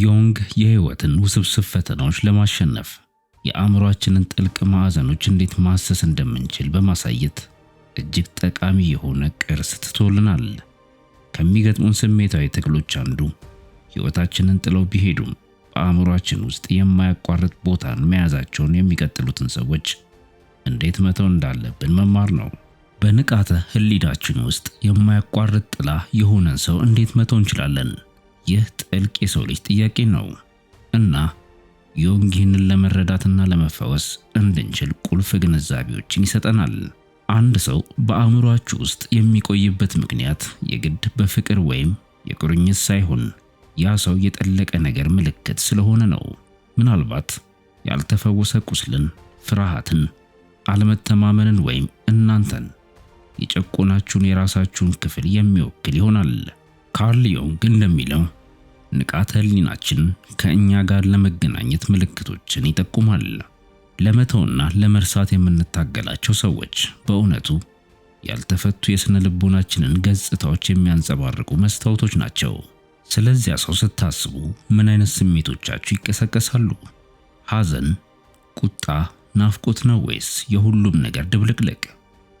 ዮንግ የህይወትን ውስብስብ ፈተናዎች ለማሸነፍ የአእምሯችንን ጥልቅ ማዕዘኖች እንዴት ማሰስ እንደምንችል በማሳየት እጅግ ጠቃሚ የሆነ ቅርስ ትቶልናል። ከሚገጥሙን ስሜታዊ ትግሎች አንዱ ህይወታችንን ጥለው ቢሄዱም በአእምሯችን ውስጥ የማያቋርጥ ቦታን መያዛቸውን የሚቀጥሉትን ሰዎች እንዴት መተው እንዳለብን መማር ነው። በንቃተ ህሊናችን ውስጥ የማያቋርጥ ጥላ የሆነን ሰው እንዴት መተው እንችላለን? ይህ ጥልቅ የሰው ልጅ ጥያቄ ነው እና ዮንግ ይህንን ለመረዳትና ለመፈወስ እንድንችል ቁልፍ ግንዛቤዎችን ይሰጠናል። አንድ ሰው በአእምሯችሁ ውስጥ የሚቆይበት ምክንያት የግድ በፍቅር ወይም የቁርኝት ሳይሆን ያ ሰው የጠለቀ ነገር ምልክት ስለሆነ ነው። ምናልባት ያልተፈወሰ ቁስልን፣ ፍርሃትን፣ አለመተማመንን ወይም እናንተን የጨቆናችሁን የራሳችሁን ክፍል የሚወክል ይሆናል። ካርል ዮንግ እንደሚለው ንቃተ ህሊናችን ከእኛ ጋር ለመገናኘት ምልክቶችን ይጠቁማል። ለመተውና ለመርሳት የምንታገላቸው ሰዎች በእውነቱ ያልተፈቱ የሥነ ልቦናችንን ገጽታዎች የሚያንጸባርቁ መስታወቶች ናቸው። ስለዚያ ሰው ስታስቡ ምን አይነት ስሜቶቻችሁ ይቀሰቀሳሉ? ሐዘን፣ ቁጣ፣ ናፍቆት ነው ወይስ የሁሉም ነገር ድብልቅልቅ?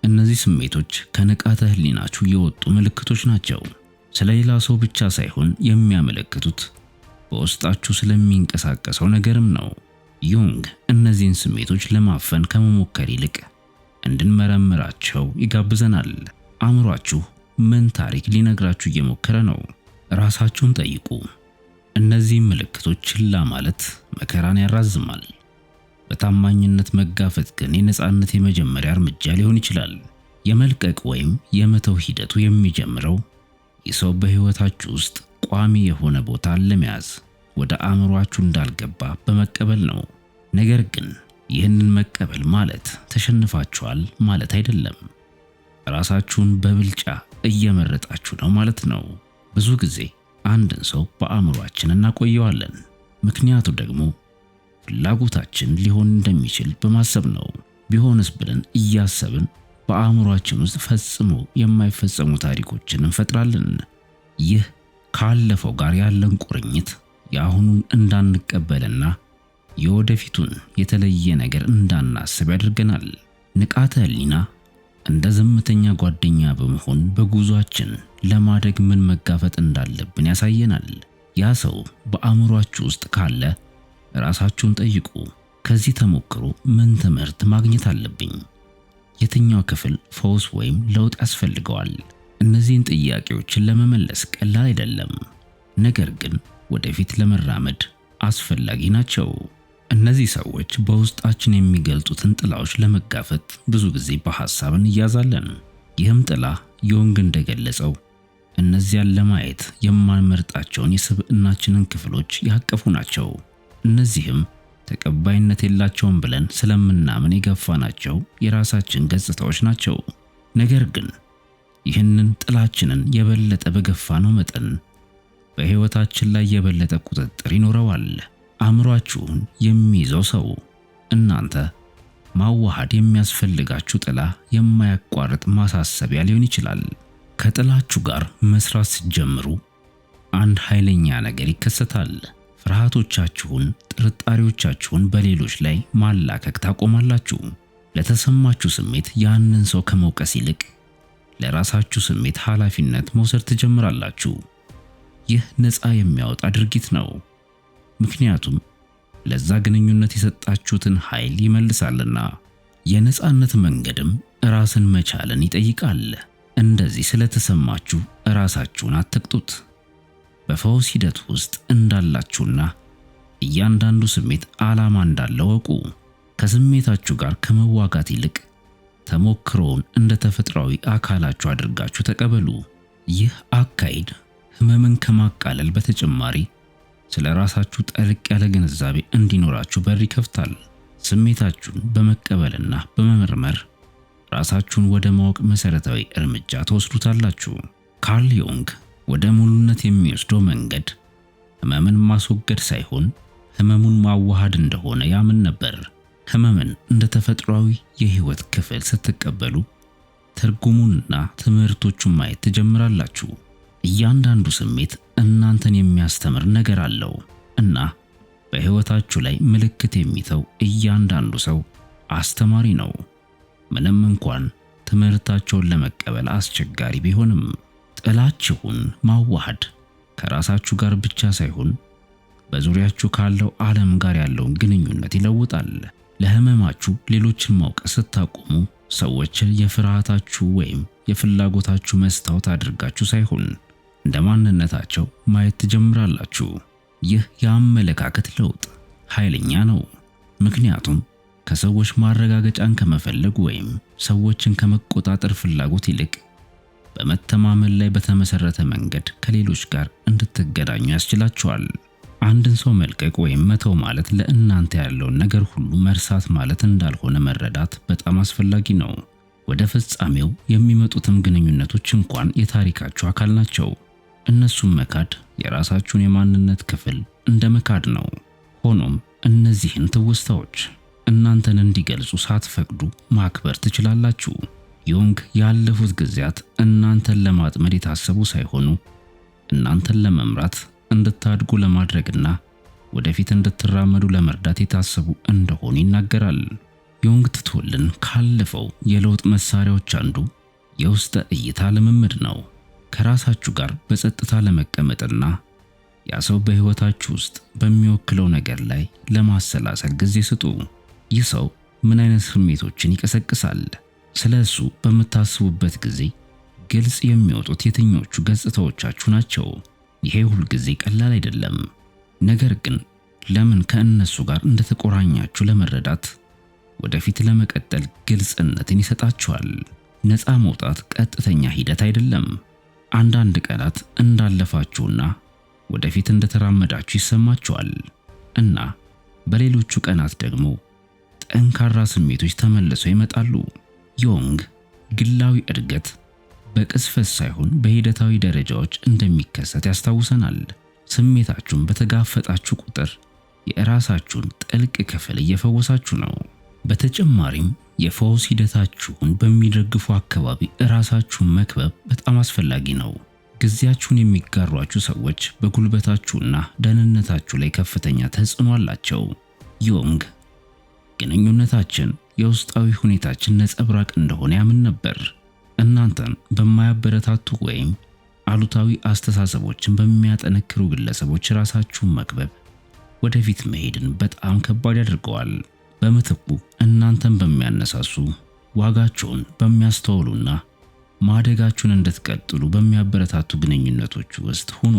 እነዚህ ስሜቶች ከንቃተ ህሊናችሁ የወጡ ምልክቶች ናቸው። ስለ ሌላ ሰው ብቻ ሳይሆን የሚያመለክቱት በውስጣችሁ ስለሚንቀሳቀሰው ነገርም ነው። ዩንግ እነዚህን ስሜቶች ለማፈን ከመሞከር ይልቅ እንድንመረምራቸው ይጋብዘናል። አእምሯችሁ ምን ታሪክ ሊነግራችሁ እየሞከረ ነው? ራሳችሁን ጠይቁ። እነዚህ ምልክቶች ችላ ማለት መከራን ያራዝማል። በታማኝነት መጋፈጥ ግን የነፃነት የመጀመሪያ እርምጃ ሊሆን ይችላል። የመልቀቅ ወይም የመተው ሂደቱ የሚጀምረው የሰው በህይወታችሁ ውስጥ ቋሚ የሆነ ቦታን ለመያዝ ወደ አእምሯችሁ እንዳልገባ በመቀበል ነው። ነገር ግን ይህንን መቀበል ማለት ተሸንፋችኋል ማለት አይደለም። ራሳችሁን በብልጫ እየመረጣችሁ ነው ማለት ነው። ብዙ ጊዜ አንድን ሰው በአእምሯችን እናቆየዋለን፣ ምክንያቱ ደግሞ ፍላጎታችን ሊሆን እንደሚችል በማሰብ ነው። ቢሆንስ ብለን እያሰብን በአእምሯችን ውስጥ ፈጽሞ የማይፈጸሙ ታሪኮችን እንፈጥራለን። ይህ ካለፈው ጋር ያለን ቁርኝት የአሁኑን እንዳንቀበልና የወደፊቱን የተለየ ነገር እንዳናስብ ያደርገናል። ንቃተ ህሊና እንደ ዝምተኛ ጓደኛ በመሆን በጉዟችን ለማደግ ምን መጋፈጥ እንዳለብን ያሳየናል። ያ ሰው በአእምሯችሁ ውስጥ ካለ ራሳችሁን ጠይቁ። ከዚህ ተሞክሮ ምን ትምህርት ማግኘት አለብኝ? የትኛው ክፍል ፈውስ ወይም ለውጥ ያስፈልገዋል? እነዚህን ጥያቄዎችን ለመመለስ ቀላል አይደለም፣ ነገር ግን ወደፊት ለመራመድ አስፈላጊ ናቸው። እነዚህ ሰዎች በውስጣችን የሚገልጹትን ጥላዎች ለመጋፈጥ ብዙ ጊዜ በሐሳብ እንያዛለን። ይህም ጥላ ዮንግ እንደገለጸው እነዚያን ለማየት የማንመርጣቸውን የስብዕናችንን ክፍሎች ያቀፉ ናቸው። እነዚህም ተቀባይነት የላቸውም ብለን ስለምናምን የገፋናቸው የራሳችን ገጽታዎች ናቸው። ነገር ግን ይህንን ጥላችንን የበለጠ በገፋነው መጠን በሕይወታችን ላይ የበለጠ ቁጥጥር ይኖረዋል። አእምሯችሁን የሚይዘው ሰው እናንተ ማዋሃድ የሚያስፈልጋችሁ ጥላ የማያቋርጥ ማሳሰቢያ ሊሆን ይችላል። ከጥላችሁ ጋር መስራት ሲጀምሩ አንድ ኃይለኛ ነገር ይከሰታል። ፍርሃቶቻችሁን፣ ጥርጣሬዎቻችሁን በሌሎች ላይ ማላከክ ታቆማላችሁ። ለተሰማችሁ ስሜት ያንን ሰው ከመውቀስ ይልቅ ለራሳችሁ ስሜት ኃላፊነት መውሰድ ትጀምራላችሁ። ይህ ነፃ የሚያወጣ ድርጊት ነው፣ ምክንያቱም ለዛ ግንኙነት የሰጣችሁትን ኃይል ይመልሳልና። የነፃነት መንገድም ራስን መቻልን ይጠይቃል። እንደዚህ ስለተሰማችሁ ራሳችሁን አትቅጡት። በፈውስ ሂደት ውስጥ እንዳላችሁና እያንዳንዱ ስሜት ዓላማ እንዳለው እወቁ። ከስሜታችሁ ጋር ከመዋጋት ይልቅ ተሞክሮውን እንደ ተፈጥሯዊ አካላችሁ አድርጋችሁ ተቀበሉ። ይህ አካሄድ ህመምን ከማቃለል በተጨማሪ ስለ ራሳችሁ ጠልቅ ያለ ግንዛቤ እንዲኖራችሁ በር ይከፍታል። ስሜታችሁን በመቀበልና በመመርመር ራሳችሁን ወደ ማወቅ መሰረታዊ እርምጃ ተወስዱታላችሁ። ካርል ዮንግ ወደ ሙሉነት የሚወስደው መንገድ ህመምን ማስወገድ ሳይሆን ህመሙን ማዋሃድ እንደሆነ ያምን ነበር። ህመምን እንደ ተፈጥሯዊ የህይወት ክፍል ስትቀበሉ ትርጉሙንና ትምህርቶቹን ማየት ትጀምራላችሁ። እያንዳንዱ ስሜት እናንተን የሚያስተምር ነገር አለው እና በህይወታችሁ ላይ ምልክት የሚተው እያንዳንዱ ሰው አስተማሪ ነው፣ ምንም እንኳን ትምህርታቸውን ለመቀበል አስቸጋሪ ቢሆንም። ጥላችሁን ማዋሃድ ከራሳችሁ ጋር ብቻ ሳይሆን በዙሪያችሁ ካለው ዓለም ጋር ያለውን ግንኙነት ይለውጣል። ለህመማችሁ ሌሎችን ማውቀ ስታቆሙ ሰዎችን የፍርሃታችሁ ወይም የፍላጎታችሁ መስታወት አድርጋችሁ ሳይሆን እንደ ማንነታቸው ማየት ትጀምራላችሁ። ይህ የአመለካከት ለውጥ ኃይለኛ ነው። ምክንያቱም ከሰዎች ማረጋገጫን ከመፈለግ ወይም ሰዎችን ከመቆጣጠር ፍላጎት ይልቅ በመተማመን ላይ በተመሰረተ መንገድ ከሌሎች ጋር እንድትገናኙ ያስችላቸዋል። አንድን ሰው መልቀቅ ወይም መተው ማለት ለእናንተ ያለውን ነገር ሁሉ መርሳት ማለት እንዳልሆነ መረዳት በጣም አስፈላጊ ነው። ወደ ፍጻሜው የሚመጡትም ግንኙነቶች እንኳን የታሪካችሁ አካል ናቸው። እነሱም መካድ የራሳችሁን የማንነት ክፍል እንደ መካድ ነው። ሆኖም እነዚህን ትውስታዎች እናንተን እንዲገልጹ ሳትፈቅዱ ማክበር ትችላላችሁ። ዩንግ ያለፉት ጊዜያት እናንተን ለማጥመድ የታሰቡ ሳይሆኑ እናንተን ለመምራት እንድታድጉ ለማድረግና ወደፊት እንድትራመዱ ለመርዳት የታሰቡ እንደሆኑ ይናገራል። ዮንግ ትቶልን ካለፈው የለውጥ መሳሪያዎች አንዱ የውስጠ እይታ ልምምድ ነው። ከራሳችሁ ጋር በጸጥታ ለመቀመጥና ያ ሰው በሕይወታችሁ ውስጥ በሚወክለው ነገር ላይ ለማሰላሰል ጊዜ ስጡ። ይህ ሰው ምን አይነት ስሜቶችን ይቀሰቅሳል? ስለ እሱ በምታስቡበት ጊዜ ግልጽ የሚወጡት የትኞቹ ገጽታዎቻችሁ ናቸው? ይሄ ሁልጊዜ ቀላል አይደለም። ነገር ግን ለምን ከእነሱ ጋር እንደተቆራኛችሁ ለመረዳት ወደፊት ለመቀጠል ግልጽነትን ይሰጣችኋል። ነፃ መውጣት ቀጥተኛ ሂደት አይደለም። አንዳንድ ቀናት እንዳለፋችሁና ወደፊት እንደተራመዳችሁ ይሰማችኋል እና በሌሎቹ ቀናት ደግሞ ጠንካራ ስሜቶች ተመልሰው ይመጣሉ። ዮንግ ግላዊ እድገት በቅስፈት ሳይሆን በሂደታዊ ደረጃዎች እንደሚከሰት ያስታውሰናል። ስሜታችሁን በተጋፈጣችሁ ቁጥር የራሳችሁን ጥልቅ ክፍል እየፈወሳችሁ ነው። በተጨማሪም የፈውስ ሂደታችሁን በሚደግፉ አካባቢ ራሳችሁን መክበብ በጣም አስፈላጊ ነው። ጊዜያችሁን የሚጋሯችሁ ሰዎች በጉልበታችሁና ደህንነታችሁ ላይ ከፍተኛ ተጽዕኖ አላቸው። ዮንግ ግንኙነታችን የውስጣዊ ሁኔታችን ነጸብራቅ እንደሆነ ያምን ነበር። እናንተን በማያበረታቱ ወይም አሉታዊ አስተሳሰቦችን በሚያጠነክሩ ግለሰቦች ራሳችሁን መክበብ ወደፊት መሄድን በጣም ከባድ ያደርገዋል። በምትኩ እናንተን በሚያነሳሱ ዋጋችሁን በሚያስተውሉና ማደጋችሁን እንድትቀጥሉ በሚያበረታቱ ግንኙነቶች ውስጥ ሁኑ።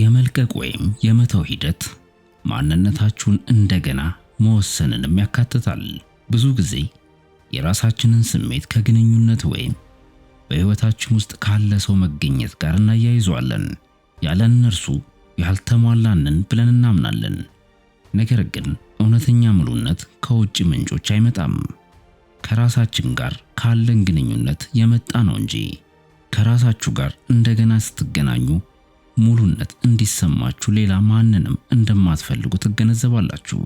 የመልቀቅ ወይም የመተው ሂደት ማንነታችሁን እንደገና መወሰንንም ያካትታል። ብዙ ጊዜ የራሳችንን ስሜት ከግንኙነት ወይም በሕይወታችን ውስጥ ካለ ሰው መገኘት ጋር እናያይዘዋለን። ያለ እነርሱ ያልተሟላንን ብለን እናምናለን። ነገር ግን እውነተኛ ሙሉነት ከውጭ ምንጮች አይመጣም፣ ከራሳችን ጋር ካለን ግንኙነት የመጣ ነው እንጂ። ከራሳችሁ ጋር እንደገና ስትገናኙ ሙሉነት እንዲሰማችሁ ሌላ ማንንም እንደማትፈልጉ ትገነዘባላችሁ።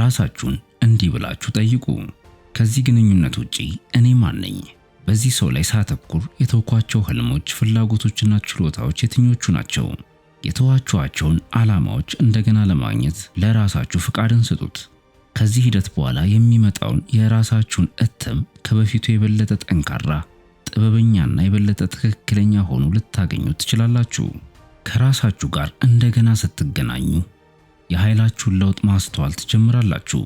ራሳችሁን እንዲህ ብላችሁ ጠይቁ። ከዚህ ግንኙነት ውጪ እኔ ማን ነኝ? በዚህ ሰው ላይ ሳተኩር የተውኳቸው ህልሞች፣ ፍላጎቶችና ችሎታዎች የትኞቹ ናቸው? የተዋችኋቸውን ዓላማዎች እንደገና ለማግኘት ለራሳችሁ ፍቃድን ስጡት። ከዚህ ሂደት በኋላ የሚመጣውን የራሳችሁን እትም ከበፊቱ የበለጠ ጠንካራ፣ ጥበበኛና የበለጠ ትክክለኛ ሆኖ ልታገኙ ትችላላችሁ። ከራሳችሁ ጋር እንደገና ስትገናኙ የኃይላችሁን ለውጥ ማስተዋል ትጀምራላችሁ።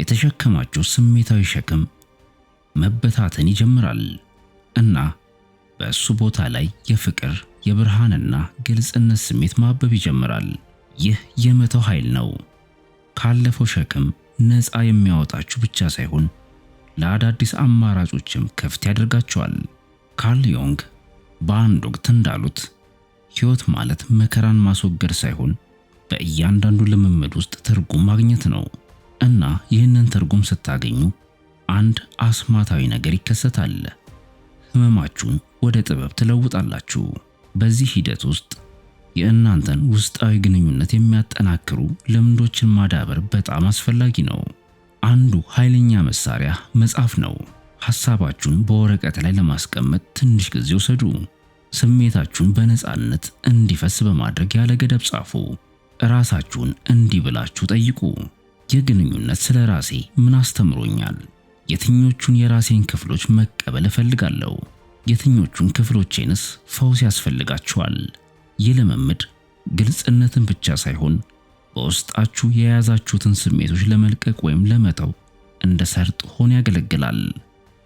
የተሸከማቸው ስሜታዊ ሸክም መበታተን ይጀምራል እና በእሱ ቦታ ላይ የፍቅር የብርሃንና ግልጽነት ስሜት ማበብ ይጀምራል። ይህ የመተው ኃይል ነው። ካለፈው ሸክም ነፃ የሚያወጣችሁ ብቻ ሳይሆን ለአዳዲስ አማራጮችም ክፍት ያደርጋቸዋል። ካርል ዮንግ በአንድ ወቅት እንዳሉት ሕይወት ማለት መከራን ማስወገድ ሳይሆን በእያንዳንዱ ልምምድ ውስጥ ትርጉም ማግኘት ነው። እና ይህንን ትርጉም ስታገኙ አንድ አስማታዊ ነገር ይከሰታል። ህመማችሁን ወደ ጥበብ ትለውጣላችሁ። በዚህ ሂደት ውስጥ የእናንተን ውስጣዊ ግንኙነት የሚያጠናክሩ ልምዶችን ማዳበር በጣም አስፈላጊ ነው። አንዱ ኃይለኛ መሳሪያ መጻፍ ነው። ሐሳባችሁን በወረቀት ላይ ለማስቀመጥ ትንሽ ጊዜ ውሰዱ። ስሜታችሁን በነፃነት እንዲፈስ በማድረግ ያለ ገደብ ጻፉ። ራሳችሁን እንዲህ ብላችሁ ጠይቁ የግንኙነት ስለ ራሴ ምን አስተምሮኛል? የትኞቹን የራሴን ክፍሎች መቀበል እፈልጋለሁ? የትኞቹን ክፍሎቼንስ ፈውስ ያስፈልጋቸዋል? ይህ ልምምድ ግልጽነትን ብቻ ሳይሆን በውስጣችሁ የያዛችሁትን ስሜቶች ለመልቀቅ ወይም ለመተው እንደ ሰርጥ ሆኖ ያገለግላል።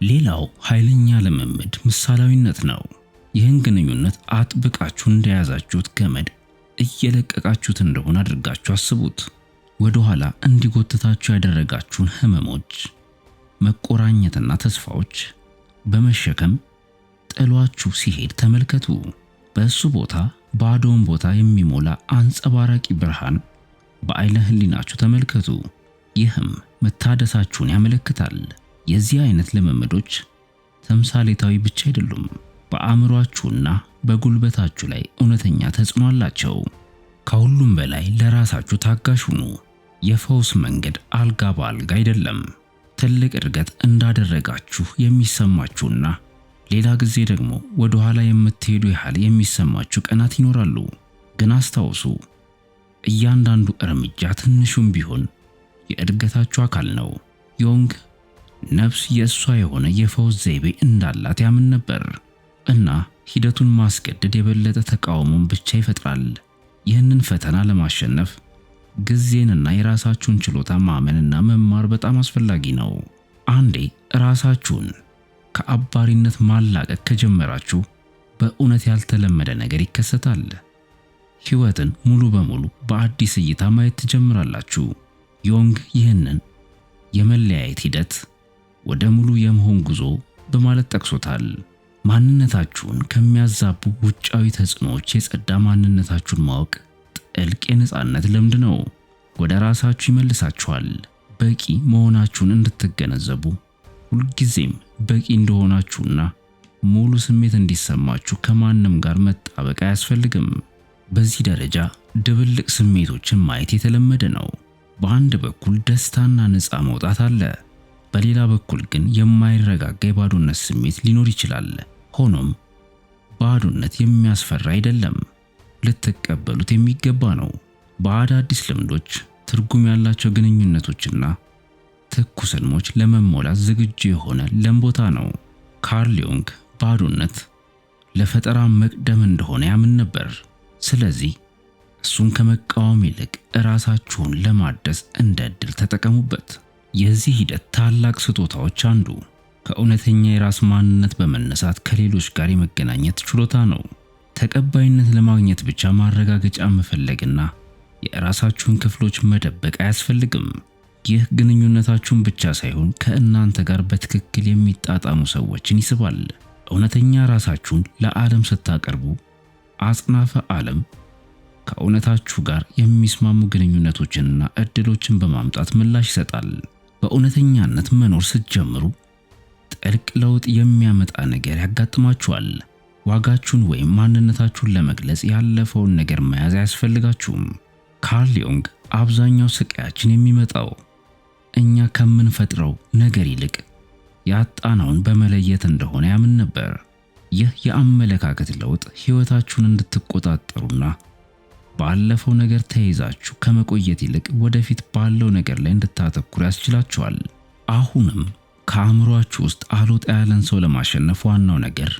ሌላው ኃይለኛ ልምምድ ምሳሌያዊነት ነው። ይህን ግንኙነት አጥብቃችሁ እንደያዛችሁት ገመድ እየለቀቃችሁት እንደሆነ አድርጋችሁ አስቡት። ወደ ኋላ እንዲጎትታችሁ ያደረጋችሁን ህመሞች፣ መቆራኘትና ተስፋዎች በመሸከም ጥሏችሁ ሲሄድ ተመልከቱ። በእሱ ቦታ ባዶውን ቦታ የሚሞላ አንጸባራቂ ብርሃን በአይነ ህሊናችሁ ተመልከቱ። ይህም መታደሳችሁን ያመለክታል። የዚህ አይነት ልምምዶች ተምሳሌታዊ ብቻ አይደሉም፣ በአእምሯችሁና በጉልበታችሁ ላይ እውነተኛ ተጽዕኖ አላቸው። ከሁሉም በላይ ለራሳችሁ ታጋሽ ሁኑ። የፈውስ መንገድ አልጋ በአልጋ አይደለም። ትልቅ እድገት እንዳደረጋችሁ የሚሰማችሁና ሌላ ጊዜ ደግሞ ወደ ኋላ የምትሄዱ ያህል የሚሰማችሁ ቀናት ይኖራሉ። ግን አስታውሱ፣ እያንዳንዱ እርምጃ ትንሹም ቢሆን የእድገታችሁ አካል ነው። ዮንግ ነፍስ የእሷ የሆነ የፈውስ ዘይቤ እንዳላት ያምን ነበር እና ሂደቱን ማስገደድ የበለጠ ተቃውሞን ብቻ ይፈጥራል። ይህንን ፈተና ለማሸነፍ ጊዜንና የራሳችሁን ችሎታ ማመንና መማር በጣም አስፈላጊ ነው። አንዴ ራሳችሁን ከአባሪነት ማላቀቅ ከጀመራችሁ በእውነት ያልተለመደ ነገር ይከሰታል። ሕይወትን ሙሉ በሙሉ በአዲስ እይታ ማየት ትጀምራላችሁ። ዮንግ ይህንን የመለያየት ሂደት ወደ ሙሉ የመሆን ጉዞ በማለት ጠቅሶታል። ማንነታችሁን ከሚያዛቡ ውጫዊ ተጽዕኖዎች የጸዳ ማንነታችሁን ማወቅ ጥልቅ የነፃነት ልምድ ነው። ወደ ራሳችሁ ይመልሳችኋል። በቂ መሆናችሁን እንድትገነዘቡ ሁልጊዜም በቂ እንደሆናችሁና ሙሉ ስሜት እንዲሰማችሁ ከማንም ጋር መጣበቅ አያስፈልግም። በዚህ ደረጃ ድብልቅ ስሜቶችን ማየት የተለመደ ነው። በአንድ በኩል ደስታና ነፃ መውጣት አለ፣ በሌላ በኩል ግን የማይረጋጋ የባዶነት ስሜት ሊኖር ይችላል። ሆኖም ባዶነት የሚያስፈራ አይደለም። ልትቀበሉት የሚገባ ነው። በአዳዲስ ልምዶች፣ ትርጉም ያላቸው ግንኙነቶችና ትኩስ ሕልሞች ለመሞላት ዝግጁ የሆነ ለም ቦታ ነው። ካርል ዩንግ ባዶነት ለፈጠራ መቅደም እንደሆነ ያምን ነበር። ስለዚህ እሱን ከመቃወም ይልቅ እራሳችሁን ለማደስ እንደ እድል ተጠቀሙበት። የዚህ ሂደት ታላቅ ስጦታዎች አንዱ ከእውነተኛ የራስ ማንነት በመነሳት ከሌሎች ጋር የመገናኘት ችሎታ ነው። ተቀባይነት ለማግኘት ብቻ ማረጋገጫ መፈለግና የራሳችሁን ክፍሎች መደበቅ አያስፈልግም። ይህ ግንኙነታችሁን ብቻ ሳይሆን ከእናንተ ጋር በትክክል የሚጣጣሙ ሰዎችን ይስባል። እውነተኛ ራሳችሁን ለዓለም ስታቀርቡ አጽናፈ ዓለም ከእውነታችሁ ጋር የሚስማሙ ግንኙነቶችንና እድሎችን በማምጣት ምላሽ ይሰጣል። በእውነተኛነት መኖር ስትጀምሩ ጥልቅ ለውጥ የሚያመጣ ነገር ያጋጥማችኋል። ዋጋችሁን ወይም ማንነታችሁን ለመግለጽ ያለፈውን ነገር መያዝ አያስፈልጋችሁም። ካርል ዮንግ አብዛኛው ስቃያችን የሚመጣው እኛ ከምንፈጥረው ነገር ይልቅ ያጣናውን በመለየት እንደሆነ ያምን ነበር። ይህ የአመለካከት ለውጥ ሕይወታችሁን እንድትቆጣጠሩና ባለፈው ነገር ተይዛችሁ ከመቆየት ይልቅ ወደፊት ባለው ነገር ላይ እንድታተኩሩ ያስችላችኋል። አሁንም ከአእምሯችሁ ውስጥ አልወጣ ያለን ሰው ለማሸነፍ ዋናው ነገር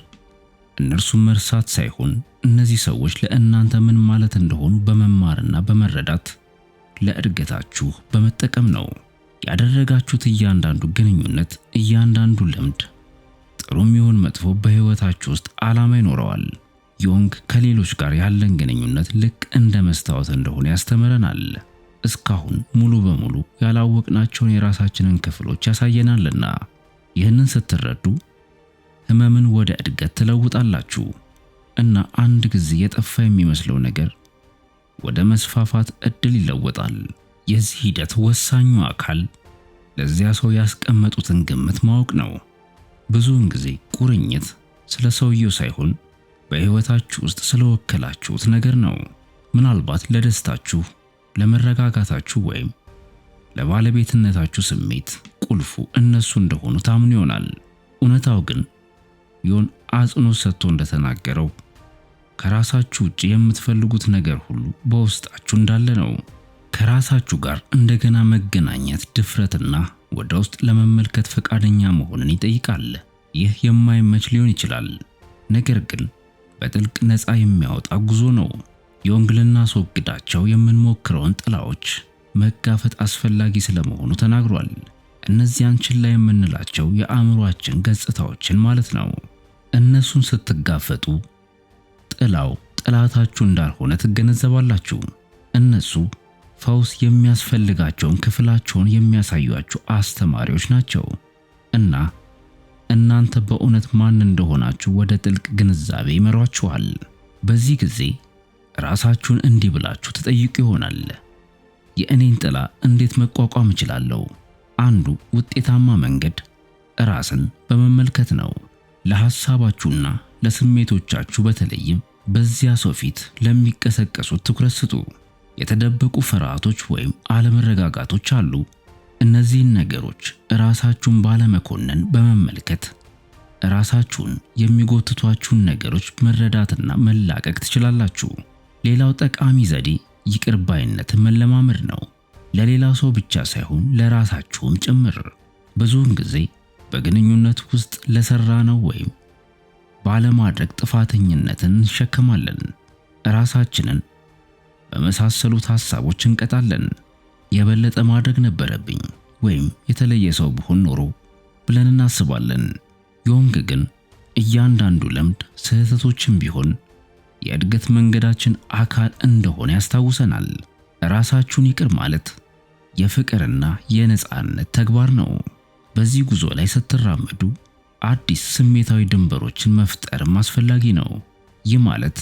እነርሱም መርሳት ሳይሆን እነዚህ ሰዎች ለእናንተ ምን ማለት እንደሆኑ በመማርና በመረዳት ለእድገታችሁ በመጠቀም ነው። ያደረጋችሁት እያንዳንዱ ግንኙነት፣ እያንዳንዱ ልምድ ጥሩም ይሁን መጥፎ በህይወታችሁ ውስጥ ዓላማ ይኖረዋል። ዮንግ ከሌሎች ጋር ያለን ግንኙነት ልክ እንደ መስታወት እንደሆነ ያስተምረናል። እስካሁን ሙሉ በሙሉ ያላወቅናቸውን የራሳችንን ክፍሎች ያሳየናልና ይህንን ስትረዱ ህመምን ወደ እድገት ትለውጣላችሁ እና አንድ ጊዜ የጠፋ የሚመስለው ነገር ወደ መስፋፋት እድል ይለወጣል። የዚህ ሂደት ወሳኙ አካል ለዚያ ሰው ያስቀመጡትን ግምት ማወቅ ነው። ብዙውን ጊዜ ቁርኝት ስለ ሰውየው ሳይሆን በህይወታችሁ ውስጥ ስለወከላችሁት ነገር ነው። ምናልባት ለደስታችሁ፣ ለመረጋጋታችሁ ወይም ለባለቤትነታችሁ ስሜት ቁልፉ እነሱ እንደሆኑ ታምኑ ይሆናል። እውነታው ግን ዮን አጽንኦት ሰጥቶ እንደተናገረው ከራሳችሁ ውጭ የምትፈልጉት ነገር ሁሉ በውስጣችሁ እንዳለ ነው። ከራሳችሁ ጋር እንደገና መገናኘት ድፍረትና ወደ ውስጥ ለመመልከት ፈቃደኛ መሆንን ይጠይቃል። ይህ የማይመች ሊሆን ይችላል፣ ነገር ግን በጥልቅ ነፃ የሚያወጣ ጉዞ ነው። የወንግልና አስወግዳቸው የምንሞክረውን ጥላዎች መጋፈጥ አስፈላጊ ስለመሆኑ ተናግሯል። እነዚያን ችላ የምንላቸው የአእምሯችን ገጽታዎችን ማለት ነው። እነሱን ስትጋፈጡ ጥላው ጠላታችሁ እንዳልሆነ ትገነዘባላችሁ። እነሱ ፈውስ የሚያስፈልጋቸውን ክፍላቸውን የሚያሳዩአችሁ አስተማሪዎች ናቸው እና እናንተ በእውነት ማን እንደሆናችሁ ወደ ጥልቅ ግንዛቤ ይመሯችኋል። በዚህ ጊዜ ራሳችሁን እንዲህ ብላችሁ ተጠይቁ ይሆናል፣ የእኔን ጥላ እንዴት መቋቋም እችላለሁ? አንዱ ውጤታማ መንገድ ራስን በመመልከት ነው። ለሐሳባችሁና ለስሜቶቻችሁ በተለይም በዚያ ሰው ፊት ለሚቀሰቀሱት ትኩረት ስጡ። የተደበቁ ፍርሃቶች ወይም አለመረጋጋቶች አሉ። እነዚህን ነገሮች ራሳችሁን ባለመኮነን በመመልከት ራሳችሁን የሚጎትቷችሁን ነገሮች መረዳትና መላቀቅ ትችላላችሁ። ሌላው ጠቃሚ ዘዴ ይቅር ባይነትን መለማመድ ነው። ለሌላ ሰው ብቻ ሳይሆን ለራሳችሁም ጭምር። ብዙውን ጊዜ በግንኙነት ውስጥ ለሰራ ነው ወይም ባለማድረግ ጥፋተኝነትን እንሸከማለን። ራሳችንን በመሳሰሉት ሐሳቦች እንቀጣለን። የበለጠ ማድረግ ነበረብኝ ወይም የተለየ ሰው ብሆን ኖሮ ብለን እናስባለን። ዮንግ ግን እያንዳንዱ ልምድ ስህተቶችን ቢሆን የእድገት መንገዳችን አካል እንደሆነ ያስታውሰናል። ራሳችሁን ይቅር ማለት የፍቅርና የነጻነት ተግባር ነው። በዚህ ጉዞ ላይ ስትራመዱ አዲስ ስሜታዊ ድንበሮችን መፍጠርም አስፈላጊ ነው። ይህ ማለት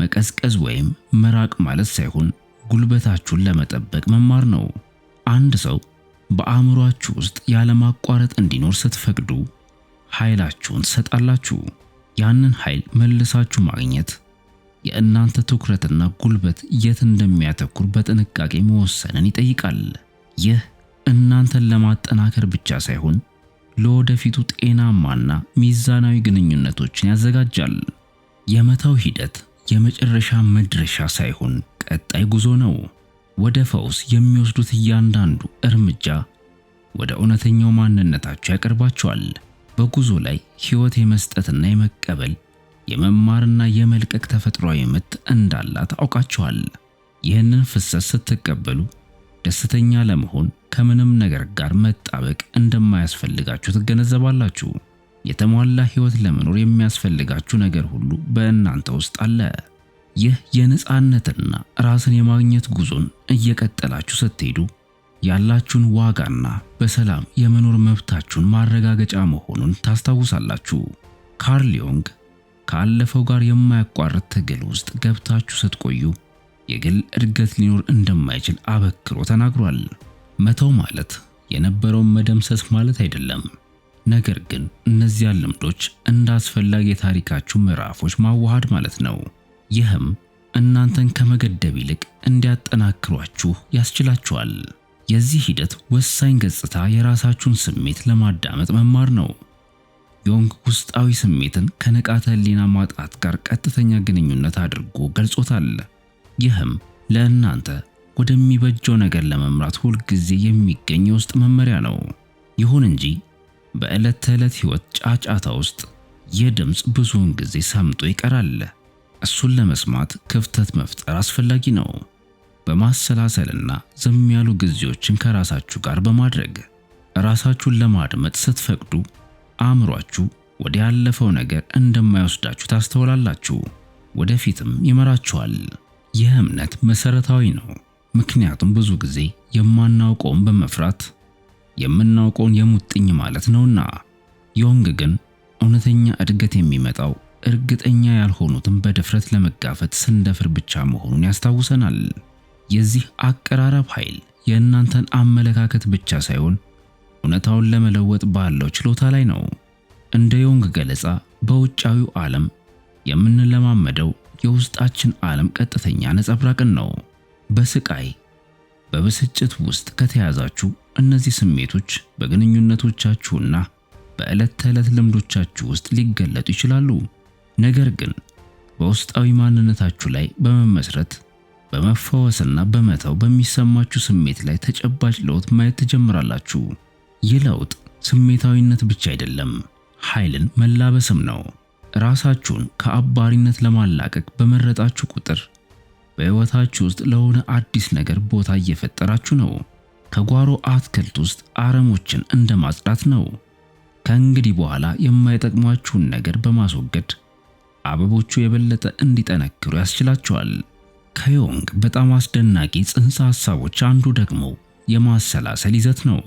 መቀዝቀዝ ወይም መራቅ ማለት ሳይሆን ጉልበታችሁን ለመጠበቅ መማር ነው። አንድ ሰው በአእምሯችሁ ውስጥ ያለማቋረጥ እንዲኖር ስትፈቅዱ ኃይላችሁን ትሰጣላችሁ። ያንን ኃይል መልሳችሁ ማግኘት የእናንተ ትኩረትና ጉልበት የት እንደሚያተኩር በጥንቃቄ መወሰንን ይጠይቃል። ይህ እናንተን ለማጠናከር ብቻ ሳይሆን ለወደፊቱ ጤናማና ሚዛናዊ ግንኙነቶችን ያዘጋጃል። የመተው ሂደት የመጨረሻ መድረሻ ሳይሆን ቀጣይ ጉዞ ነው። ወደ ፈውስ የሚወስዱት እያንዳንዱ እርምጃ ወደ እውነተኛው ማንነታቸው ያቀርባቸዋል። በጉዞ ላይ ሕይወት የመስጠትና የመቀበል የመማርና የመልቀቅ ተፈጥሯዊ ምት እንዳላት አውቃቸዋል። ይህንን ፍሰት ስትቀበሉ ደስተኛ ለመሆን ከምንም ነገር ጋር መጣበቅ እንደማያስፈልጋችሁ ትገነዘባላችሁ። የተሟላ ህይወት ለመኖር የሚያስፈልጋችሁ ነገር ሁሉ በእናንተ ውስጥ አለ። ይህ የነፃነትና ራስን የማግኘት ጉዞን እየቀጠላችሁ ስትሄዱ ያላችሁን ዋጋና በሰላም የመኖር መብታችሁን ማረጋገጫ መሆኑን ታስታውሳላችሁ። ካርል ዮንግ ካለፈው ጋር የማያቋርጥ ትግል ውስጥ ገብታችሁ ስትቆዩ የግል እድገት ሊኖር እንደማይችል አበክሮ ተናግሯል። መተው ማለት የነበረውን መደምሰስ ማለት አይደለም። ነገር ግን እነዚያን ልምዶች እንደ አስፈላጊ የታሪካችሁ ምዕራፎች ማዋሃድ ማለት ነው። ይህም እናንተን ከመገደብ ይልቅ እንዲያጠናክሯችሁ ያስችላችኋል። የዚህ ሂደት ወሳኝ ገጽታ የራሳችሁን ስሜት ለማዳመጥ መማር ነው። ዮንግ ውስጣዊ ስሜትን ከንቃተ ህሊና ማጣት ጋር ቀጥተኛ ግንኙነት አድርጎ ገልጾታል። ይህም ለእናንተ ወደሚበጀው ነገር ለመምራት ሁልጊዜ የሚገኝ የውስጥ መመሪያ ነው። ይሁን እንጂ በዕለት ተዕለት ሕይወት ጫጫታ ውስጥ ይህ ድምፅ ብዙውን ጊዜ ሰምጦ ይቀራል። እሱን ለመስማት ክፍተት መፍጠር አስፈላጊ ነው። በማሰላሰልና ዝም ያሉ ጊዜዎችን ከራሳችሁ ጋር በማድረግ ራሳችሁን ለማድመጥ ስትፈቅዱ አእምሯችሁ ወደ ያለፈው ነገር እንደማይወስዳችሁ ታስተውላላችሁ፣ ወደፊትም ይመራችኋል። ይህ እምነት መሰረታዊ ነው። ምክንያቱም ብዙ ጊዜ የማናውቀውን በመፍራት የምናውቀውን የሙጥኝ ማለት ነውና። ዮንግ ግን እውነተኛ እድገት የሚመጣው እርግጠኛ ያልሆኑትን በድፍረት ለመጋፈጥ ስንደፍር ብቻ መሆኑን ያስታውሰናል። የዚህ አቀራረብ ኃይል የእናንተን አመለካከት ብቻ ሳይሆን እውነታውን ለመለወጥ ባለው ችሎታ ላይ ነው። እንደ ዮንግ ገለጻ በውጫዊው ዓለም የምንለማመደው የውስጣችን ዓለም ቀጥተኛ ነጸብራቅን ነው። በስቃይ በብስጭት ውስጥ ከተያዛችሁ እነዚህ ስሜቶች በግንኙነቶቻችሁና በዕለት ተዕለት ልምዶቻችሁ ውስጥ ሊገለጡ ይችላሉ። ነገር ግን በውስጣዊ ማንነታችሁ ላይ በመመስረት በመፈወስና በመተው በሚሰማችሁ ስሜት ላይ ተጨባጭ ለውጥ ማየት ትጀምራላችሁ። ይህ ለውጥ ስሜታዊነት ብቻ አይደለም፣ ኃይልን መላበስም ነው። ራሳችሁን ከአባሪነት ለማላቀቅ በመረጣችሁ ቁጥር በሕይወታችሁ ውስጥ ለሆነ አዲስ ነገር ቦታ እየፈጠራችሁ ነው። ከጓሮ አትክልት ውስጥ አረሞችን እንደ ማጽዳት ነው። ከእንግዲህ በኋላ የማይጠቅሟችሁን ነገር በማስወገድ አበቦቹ የበለጠ እንዲጠነክሩ ያስችላቸዋል። ከዮንግ በጣም አስደናቂ ጽንሰ ሐሳቦች አንዱ ደግሞ የማሰላሰል ይዘት ነው።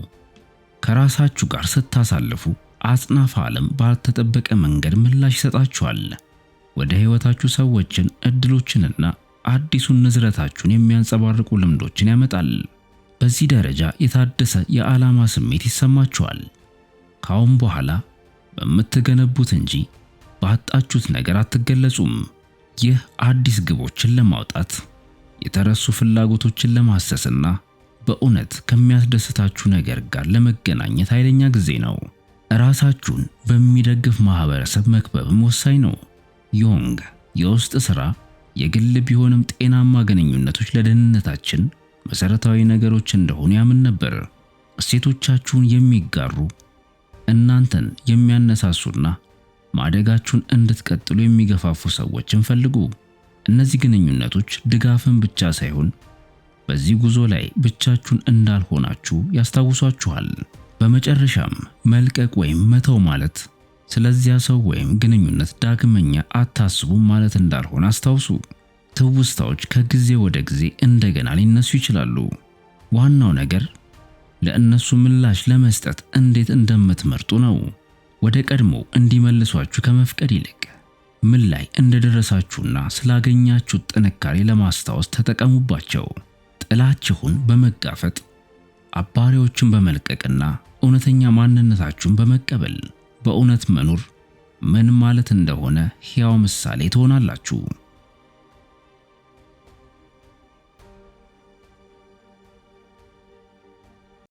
ከራሳችሁ ጋር ስታሳልፉ አጽናፈ ዓለም ባልተጠበቀ መንገድ ምላሽ ይሰጣችኋል። ወደ ሕይወታችሁ ሰዎችን፣ እድሎችንና አዲሱን ንዝረታችሁን የሚያንጸባርቁ ልምዶችን ያመጣል። በዚህ ደረጃ የታደሰ የዓላማ ስሜት ይሰማችኋል። ካሁን በኋላ በምትገነቡት እንጂ ባጣችሁት ነገር አትገለጹም። ይህ አዲስ ግቦችን ለማውጣት የተረሱ ፍላጎቶችን ለማሰስና በእውነት ከሚያስደስታችሁ ነገር ጋር ለመገናኘት ኃይለኛ ጊዜ ነው። ራሳችሁን በሚደግፍ ማህበረሰብ መክበብም ወሳኝ ነው። ዮንግ የውስጥ ሥራ የግል ቢሆንም ጤናማ ግንኙነቶች ለደህንነታችን መሰረታዊ ነገሮች እንደሆኑ ያምን ነበር። እሴቶቻችሁን የሚጋሩ እናንተን የሚያነሳሱና ማደጋችሁን እንድትቀጥሉ የሚገፋፉ ሰዎችን ፈልጉ። እነዚህ ግንኙነቶች ድጋፍን ብቻ ሳይሆን በዚህ ጉዞ ላይ ብቻችሁን እንዳልሆናችሁ ያስታውሷችኋል። በመጨረሻም መልቀቅ ወይም መተው ማለት ስለዚያ ሰው ወይም ግንኙነት ዳግመኛ አታስቡ ማለት እንዳልሆነ አስታውሱ። ትውስታዎች ከጊዜ ወደ ጊዜ እንደገና ሊነሱ ይችላሉ። ዋናው ነገር ለእነሱ ምላሽ ለመስጠት እንዴት እንደምትመርጡ ነው። ወደ ቀድሞ እንዲመልሷችሁ ከመፍቀድ ይልቅ ምን ላይ እንደደረሳችሁና ስላገኛችሁት ጥንካሬ ለማስታወስ ተጠቀሙባቸው። ጥላችሁን በመጋፈጥ አባሪዎችን በመልቀቅና እውነተኛ ማንነታችሁን በመቀበል በእውነት መኖር ምን ማለት እንደሆነ ሕያው ምሳሌ ትሆናላችሁ።